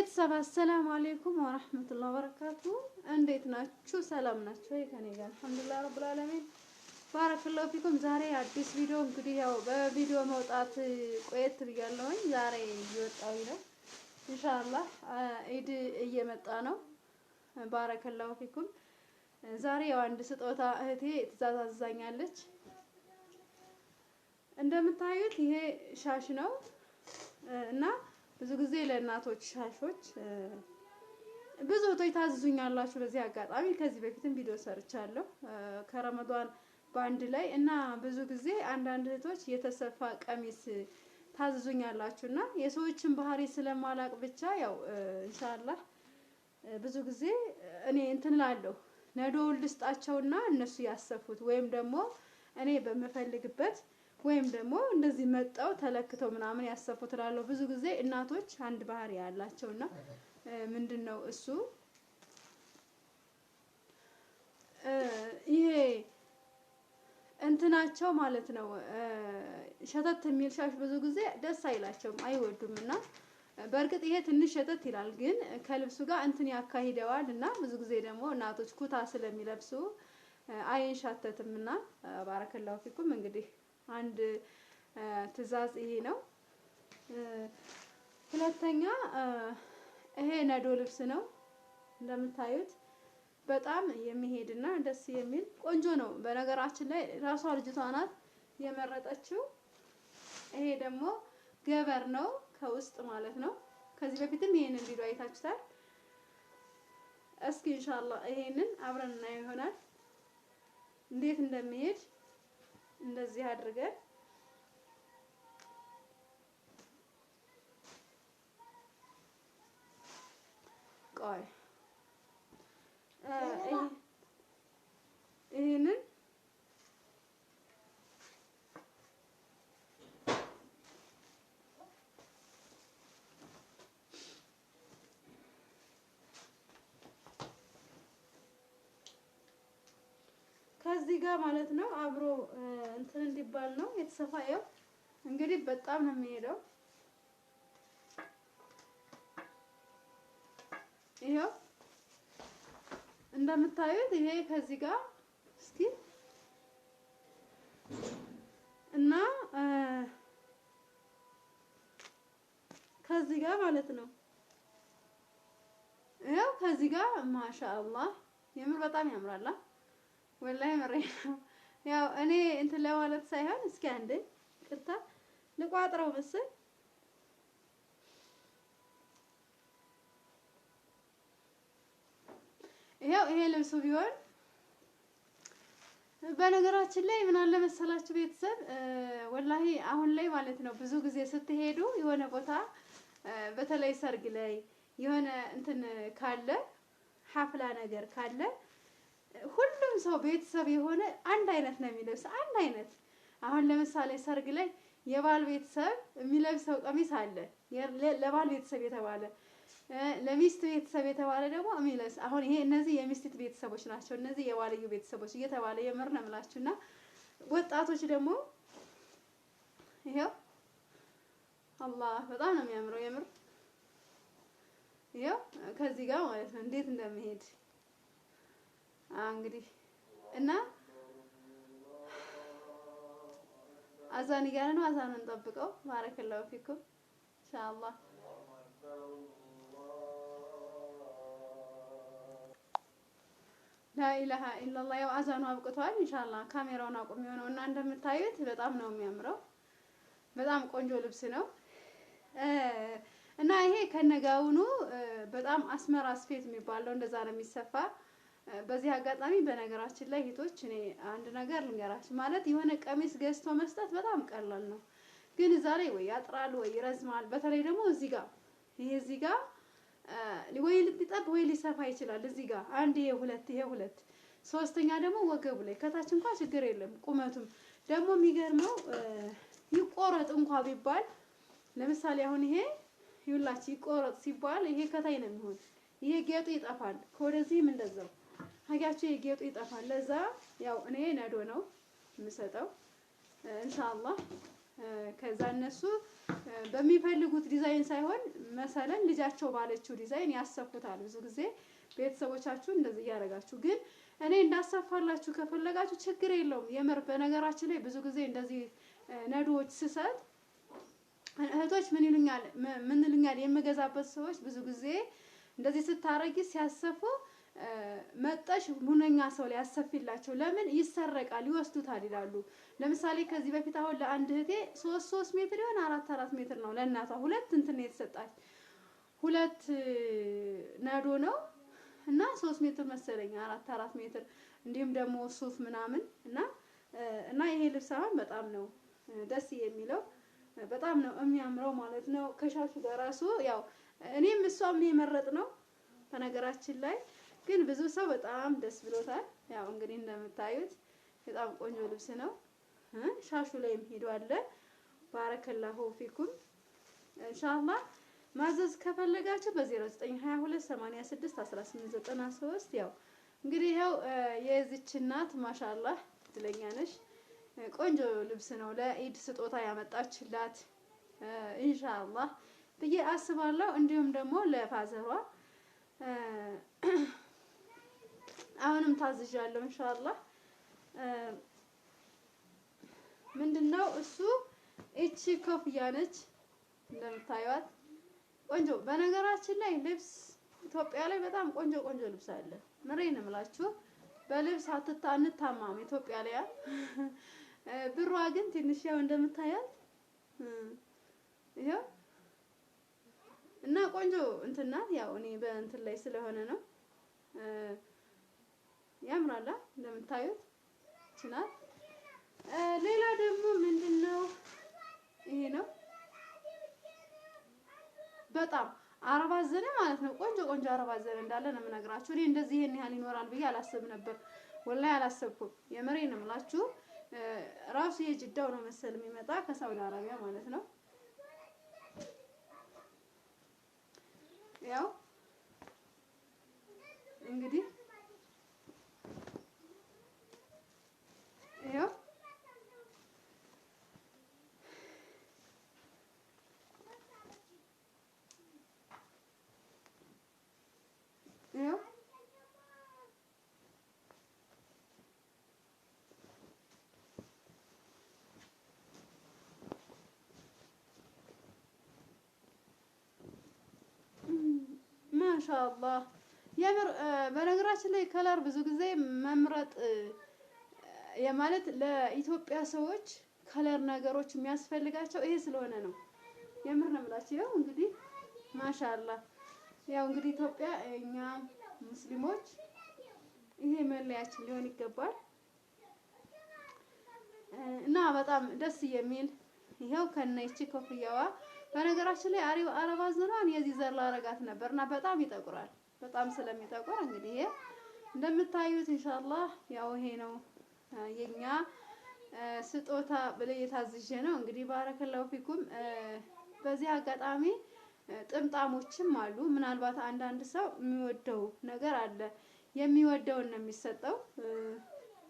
ቤተሰብ አሰላሙ አሌይኩም ወረህመቱላ በረካቱ። እንዴት ናችሁ? ሰላም ናችሁ ወይ? ከኔ ጋር አልሐምዱሊላህ ረብል ዓለሚን ባረከላሁ ፊኩም። ዛሬ አዲስ ቪዲዮ እንግዲህ ያው በቪዲዮ መውጣት ቆየት ብያለሁኝ። ዛሬ እየወጣሁ ነው ኢንሻአላህ። ኢድ እየመጣ ነው። ባረከላሁ ፊኩም። ዛሬ ያው አንድ ስጦታ እህቴ ትእዛዝ አዛኛለች። እንደምታዩት ይሄ ሻሽ ነው እና ብዙ ጊዜ ለእናቶች ሻሾች ብዙ እህቶች ታዝዙኛላችሁ። በዚህ አጋጣሚ ከዚህ በፊትም ቪዲዮ ሰርቻለሁ ከረመዷን በአንድ ላይ እና ብዙ ጊዜ አንዳንድ እህቶች የተሰፋ ቀሚስ ታዝዙኛላችሁ እና የሰዎችን ባህሪ ስለማላቅ ብቻ ያው ኢንሻላህ ብዙ ጊዜ እኔ እንትን እላለሁ ነዶውን ልስጣቸውና እነሱ ያሰፉት ወይም ደግሞ እኔ በምፈልግበት ወይም ደግሞ እንደዚህ መጣው ተለክተው ምናምን ያሰፉት እላለሁ። ብዙ ጊዜ እናቶች አንድ ባህሪ ያላቸው እና ምንድን ነው እሱ ይሄ እንትናቸው ማለት ነው ሸተት የሚል ሻሽ ብዙ ጊዜ ደስ አይላቸውም፣ አይወዱም እና በእርግጥ ይሄ ትንሽ ሸተት ይላል፣ ግን ከልብሱ ጋር እንትን ያካሂደዋል እና ብዙ ጊዜ ደግሞ እናቶች ኩታ ስለሚለብሱ አይንሻተትም እና ባረከላሁ ፊኩም እንግዲህ አንድ ትዕዛዝ ይሄ ነው። ሁለተኛ ይሄ ነዶ ልብስ ነው እንደምታዩት በጣም የሚሄድና ደስ የሚል ቆንጆ ነው። በነገራችን ላይ ራሷ ልጅቷ ናት የመረጠችው። ይሄ ደግሞ ገበር ነው ከውስጥ ማለት ነው። ከዚህ በፊትም ይሄንን ቪዲዮ አይታችሁታል። እስኪ ኢንሻአላህ ይሄንን አብረን እናየው ይሆናል እንዴት እንደሚሄድ እንደዚህ አድርገን ቆይ ይህንን ከዚህ ጋር ማለት ነው አብሮ እንትን እንዲባል ነው የተሰፋ። ያው እንግዲህ በጣም ነው የሚሄደው። ይሄው እንደምታዩት ይሄ ከዚህ ጋር እስኪ እና ከዚህ ጋር ማለት ነው ይሄው ከዚህ ጋር ማሻአላህ የምር በጣም ያምራላ። ወላሂ ምሬ ነው። ያው እኔ እንትን ለማለት ሳይሆን እስኪ አንዴ ቅርታ ልቋጥረው ምስል ይሄው ይሄ ልብሱ ቢሆን በነገራችን ላይ ምን አለ መሰላችሁ ቤተሰብ ወላሂ አሁን ላይ ማለት ነው ብዙ ጊዜ ስትሄዱ የሆነ ቦታ በተለይ ሰርግ ላይ የሆነ እንትን ካለ ሀፍላ ነገር ካለ ሁሉም ሰው ቤተሰብ የሆነ አንድ አይነት ነው የሚለብስ አንድ አይነት። አሁን ለምሳሌ ሰርግ ላይ የባል ቤተሰብ የሚለብሰው ቀሚስ አለ፣ ለባል ቤተሰብ የተባለ ለሚስት ቤተሰብ የተባለ ደግሞ የሚለብስ አሁን ይሄ እነዚህ የሚስት ቤተሰቦች ናቸው፣ እነዚህ የባልዩ ቤተሰቦች እየተባለ የምር ነው የምላችሁና ወጣቶች ደግሞ ይሄው አላህ በጣም ነው የሚያምረው የምር ይሄው ከዚህ ጋር ማለት ነው እንዴት እንደሚሄድ እንግዲህ እና አዛን እያለ ነው። አዛን እንጠብቀው። ባረከላሁ ፊኩም ኢንሻአላህ። ላኢላሃ ኢላላህ። ያው አዛኑ አብቅቷል። ኢንሻአላህ ካሜራውን አቁም የሆነው እና እንደምታዩት በጣም ነው የሚያምረው። በጣም ቆንጆ ልብስ ነው እና ይሄ ከነጋውኑ በጣም አስመራ ስፌት የሚባለው እንደዛ ነው የሚሰፋ በዚህ አጋጣሚ በነገራችን ላይ ሂቶች እኔ አንድ ነገር ልንገራችሁ። ማለት የሆነ ቀሚስ ገዝቶ መስጠት በጣም ቀላል ነው፣ ግን እዛ ላይ ወይ ያጥራል ወይ ይረዝማል። በተለይ ደግሞ እዚህ ጋር ይሄ እዚህ ጋር ወይ ልትጠብ ወይ ሊሰፋ ይችላል። እዚህ ጋር አንድ ይሄ ሁለት ይሄ ሁለት ሶስተኛ ደግሞ ወገቡ ላይ ከታች እንኳ ችግር የለም። ቁመቱም ደግሞ የሚገርመው ይቆረጥ እንኳ ቢባል ለምሳሌ አሁን ይሄ ይውላችሁ ይቆረጥ ሲባል ይሄ ከታይ ነው የሚሆን። ይሄ ጌጡ ይጠፋል። ከወደዚህም እንደዛው አያችሁ የጌጡ ይጠፋል። ለዛ ያው እኔ ነዶ ነው የምሰጠው ኢንሻአላህ። ከዛ እነሱ በሚፈልጉት ዲዛይን ሳይሆን መሰለን ልጃቸው ባለችው ዲዛይን ያሰፉታል። ብዙ ጊዜ ቤተሰቦቻችሁ እንደዚህ እያደረጋችሁ ግን እኔ እንዳሰፋላችሁ ከፈለጋችሁ ችግር የለውም። የምር በነገራችን ላይ ብዙ ጊዜ እንደዚህ ነዶዎች ስሰጥ እህቶች ምን ይሉኛል ምን ይሉኛል የምገዛበት ሰዎች ብዙ ጊዜ እንደዚህ ስታረጊ ሲያሰፉ መጠሽ ሁነኛ ሰው ላይ ያሰፊላቸው። ለምን ይሰረቃል፣ ይወስዱታል ይላሉ። ለምሳሌ ከዚህ በፊት አሁን ለአንድ እህቴ ሶስት ሶስት ሜትር ይሆን አራት አራት ሜትር ነው ለእናቷ ሁለት እንትን የተሰጣት ሁለት ነዶ ነው እና ሶስት ሜትር መሰለኝ አራት አራት ሜትር እንዲሁም ደግሞ ሱፍ ምናምን እና እና ይሄ ልብስ አሁን በጣም ነው ደስ የሚለው በጣም ነው የሚያምረው ማለት ነው። ከሻሹ ጋር ራሱ ያው እኔም እሷም የመረጥ ነው በነገራችን ላይ ግን ብዙ ሰው በጣም ደስ ብሎታል። ያው እንግዲህ እንደምታዩት በጣም ቆንጆ ልብስ ነው። ሻሹ ላይም ሄዶ አለ። ባረከላሁ ፊኩም ኢንሻአላህ። ማዘዝ ከፈለጋችሁ በ0922861893 ያው እንግዲህ ያው የዚች እናት ማሻአላህ እድለኛ ነሽ። ቆንጆ ልብስ ነው ለኢድ ስጦታ ያመጣችላት ኢንሻአላህ ብዬ አስባለሁ። እንዲሁም ደግሞ ለፋዘሯ አሁንም ታዝዣለሁ ኢንሻአላህ። ምንድነው እሱ እቺ ኮፍያ ነች እንደምታዩት ቆንጆ። በነገራችን ላይ ልብስ ኢትዮጵያ ላይ በጣም ቆንጆ ቆንጆ ልብስ አለ። ምሬ ነው በልብስ አትታ እንታማም ኢትዮጵያ ላይ ብሯ ግን ትንሽ ያው እንደምታያት ይሄው እና ቆንጆ እንትናት ያው እኔ በእንትን ላይ ስለሆነ ነው ያምራላ እንደምታዩት ይችላል። ሌላ ደግሞ ምንድነው ይሄ ነው በጣም አረባ ዘነ ማለት ነው። ቆንጆ ቆንጆ አረባ ዘነ እንዳለ ነው የምነግራችሁ። እኔ እንደዚህ ይሄን ያህል ይኖራል ብዬ አላሰብ ነበር፣ ወላሂ አላሰብኩም። የምሬ ነው የምላችሁ። ራሱ የጅዳው ነው መሰል የሚመጣ ከሳውዲ አረቢያ ማለት ነው። ያው እንግዲህ ማሻአላህ የምር በነገራችን ላይ ከለር ብዙ ጊዜ መምረጥ የማለት ለኢትዮጵያ ሰዎች ከለር ነገሮች የሚያስፈልጋቸው ይሄ ስለሆነ ነው። የምር ነው የምላችሁ። ያው እንግዲህ ማሻአላህ ያው እንግዲህ ኢትዮጵያ እኛ ሙስሊሞች ይሄ መለያችን ሊሆን ይገባል እና በጣም ደስ የሚል ይኸው ከነይቺ ኮፍያዋ በነገራችን ላይ አሪብ አረባ ዘሯን የዚህ ዘር ላረጋት ነበርና በጣም ይጠቁራል። በጣም ስለሚጠቁር እንግዲህ ይሄ እንደምታዩት ኢንሻአላህ ያው ይሄ ነው የኛ ስጦታ ብለ የታዝዤ ነው እንግዲህ ባረከላሁ ፊኩም። በዚህ አጋጣሚ ጥምጣሞችም አሉ። ምናልባት አንዳንድ ሰው የሚወደው ነገር አለ የሚወደውን ነው የሚሰጠው።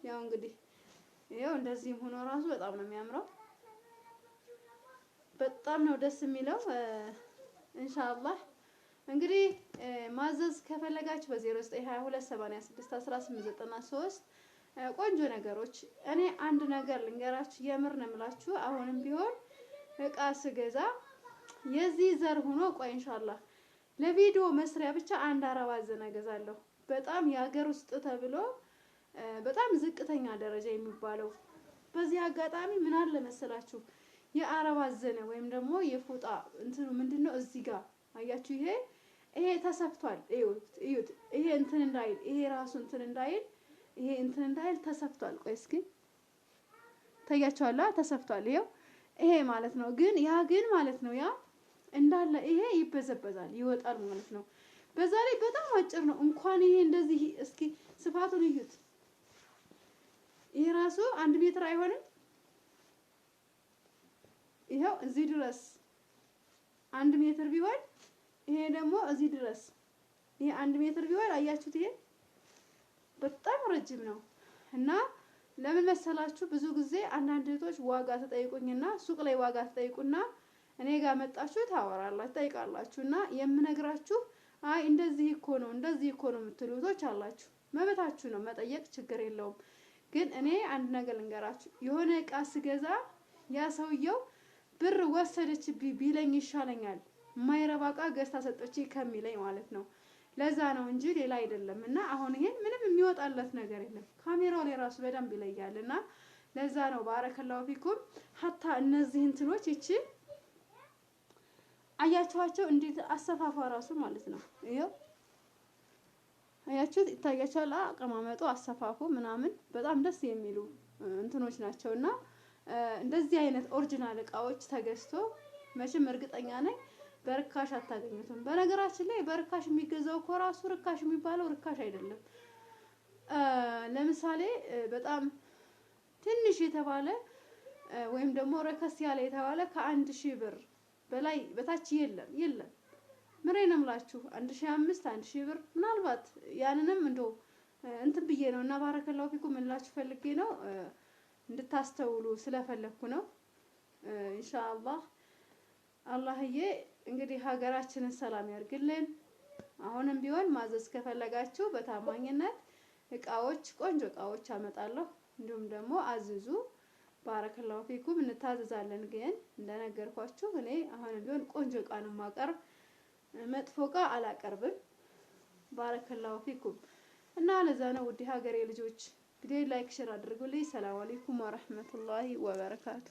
ያው እንግዲህ ይኸው እንደዚህም ሆኖ ራሱ በጣም ነው የሚያምረው። በጣም ነው ደስ የሚለው። እንሻላ እንግዲህ ማዘዝ ከፈለጋችሁ በ0922861893 ቆንጆ ነገሮች እኔ አንድ ነገር ልንገራችሁ፣ የምር ነው የምላችሁ። አሁንም ቢሆን እቃ ስገዛ የዚህ ዘር ሆኖ ቆይ እንሻላ ለቪዲዮ መስሪያ ብቻ አንድ አረብ አዘና ገዛለሁ። በጣም የሀገር ውስጥ ተብሎ በጣም ዝቅተኛ ደረጃ የሚባለው። በዚህ አጋጣሚ ምን አለ መሰላችሁ የአረብ አዘነ ወይም ደግሞ የፎጣ እንትኑ ምንድነው እዚህ ጋር አያችሁ። ይሄ ይሄ ተሰፍቷል። እዩት እዩት። ይሄ እንትን እንዳይል ይሄ ራሱ እንትን እንዳይል ይሄ እንትን እንዳይል ተሰፍቷል። ቆይ እስኪ ታያችኋለሁ። ተሰፍቷል። ይሄው ይሄ ማለት ነው። ግን ያ ግን ማለት ነው ያ እንዳለ ይሄ ይበዘበዛል፣ ይወጣል ማለት ነው። በዛ ላይ በጣም አጭር ነው። እንኳን ይሄ እንደዚህ እስኪ ስፋቱን እዩት። ይሄ ራሱ አንድ ሜትር አይሆንም። ይሄው እዚህ ድረስ አንድ ሜትር ቢሆን ይሄ ደግሞ እዚህ ድረስ ይሄ አንድ ሜትር ቢሆን አያችሁት። ይሄ በጣም ረጅም ነው እና ለምን መሰላችሁ? ብዙ ጊዜ አንዳንድ እህቶች ዋጋ ተጠይቁኝና ሱቅ ላይ ዋጋ ተጠይቁና እኔ ጋር መጣችሁ ታወራላችሁ ጠይቃላችሁ እና የምነግራችሁ አይ እንደዚህ እኮ ነው እንደዚህ እኮ ነው የምትሉ እህቶች አላችሁ። መበታችሁ ነው መጠየቅ፣ ችግር የለውም። ግን እኔ አንድ ነገር ልንገራችሁ፣ የሆነ እቃ ስገዛ ያ ሰውየው ብር ወሰደች ቢለኝ ይሻለኛል ማይረባ እቃ ገዝታ ሰጠች ከሚለኝ ማለት ነው። ለዛ ነው እንጂ ሌላ አይደለም። እና አሁን ይሄን ምንም የሚወጣለት ነገር የለም። ካሜራው ላይ ራሱ በደንብ ይለያል። እና ለዛ ነው ባረከላው ፊኩም ሀታ እነዚህ እንትኖች ይቺ አያችኋቸው እንዴት አሰፋፋ ራሱ ማለት ነው። ይሄው አያችሁት፣ ይታያችኋል አቀማመጡ፣ አሰፋፉ ምናምን በጣም ደስ የሚሉ እንትኖች ናቸው እና እንደዚህ አይነት ኦሪጂናል እቃዎች ተገዝቶ መቼም እርግጠኛ ነኝ በርካሽ አታገኙትም። በነገራችን ላይ በርካሽ የሚገዛው እኮ ራሱ ርካሽ የሚባለው ርካሽ አይደለም። ለምሳሌ በጣም ትንሽ የተባለ ወይም ደግሞ ረከስ ያለ የተባለ ከአንድ ሺህ ብር በላይ በታች የለም የለም። ምሬ ነው የምላችሁ አንድ ሺህ አምስት አንድ ሺህ ብር ምናልባት ያንንም እንደው እንትን ብዬ ነው እና ባረከላው ፊኩ ምንላችሁ ፈልጌ ነው እንድታስተውሉ ስለፈለኩ ነው። ኢንሻአላህ አላህዬ እንግዲህ ሀገራችንን ሰላም ያርግልን። አሁንም ቢሆን ማዘዝ ከፈለጋችሁ በታማኝነት እቃዎች፣ ቆንጆ እቃዎች አመጣለሁ። እንዲሁም ደግሞ አዝዙ። ባረከላሁ ፊኩም እንታዘዛለን። ግን እንደነገርኳችሁ እኔ አሁንም ቢሆን ቆንጆ እቃ ነው ማቀርብ፣ መጥፎ እቃ አላቀርብም። ባረከላሁ ፊኩም እና ለዛ ነው ውድ ሀገሬ ልጆች ቪዲዮ ላይክ፣ ሼር አድርጉልኝ። ሰላም አለይኩም ወረህመቱላሂ ወበረካቱ።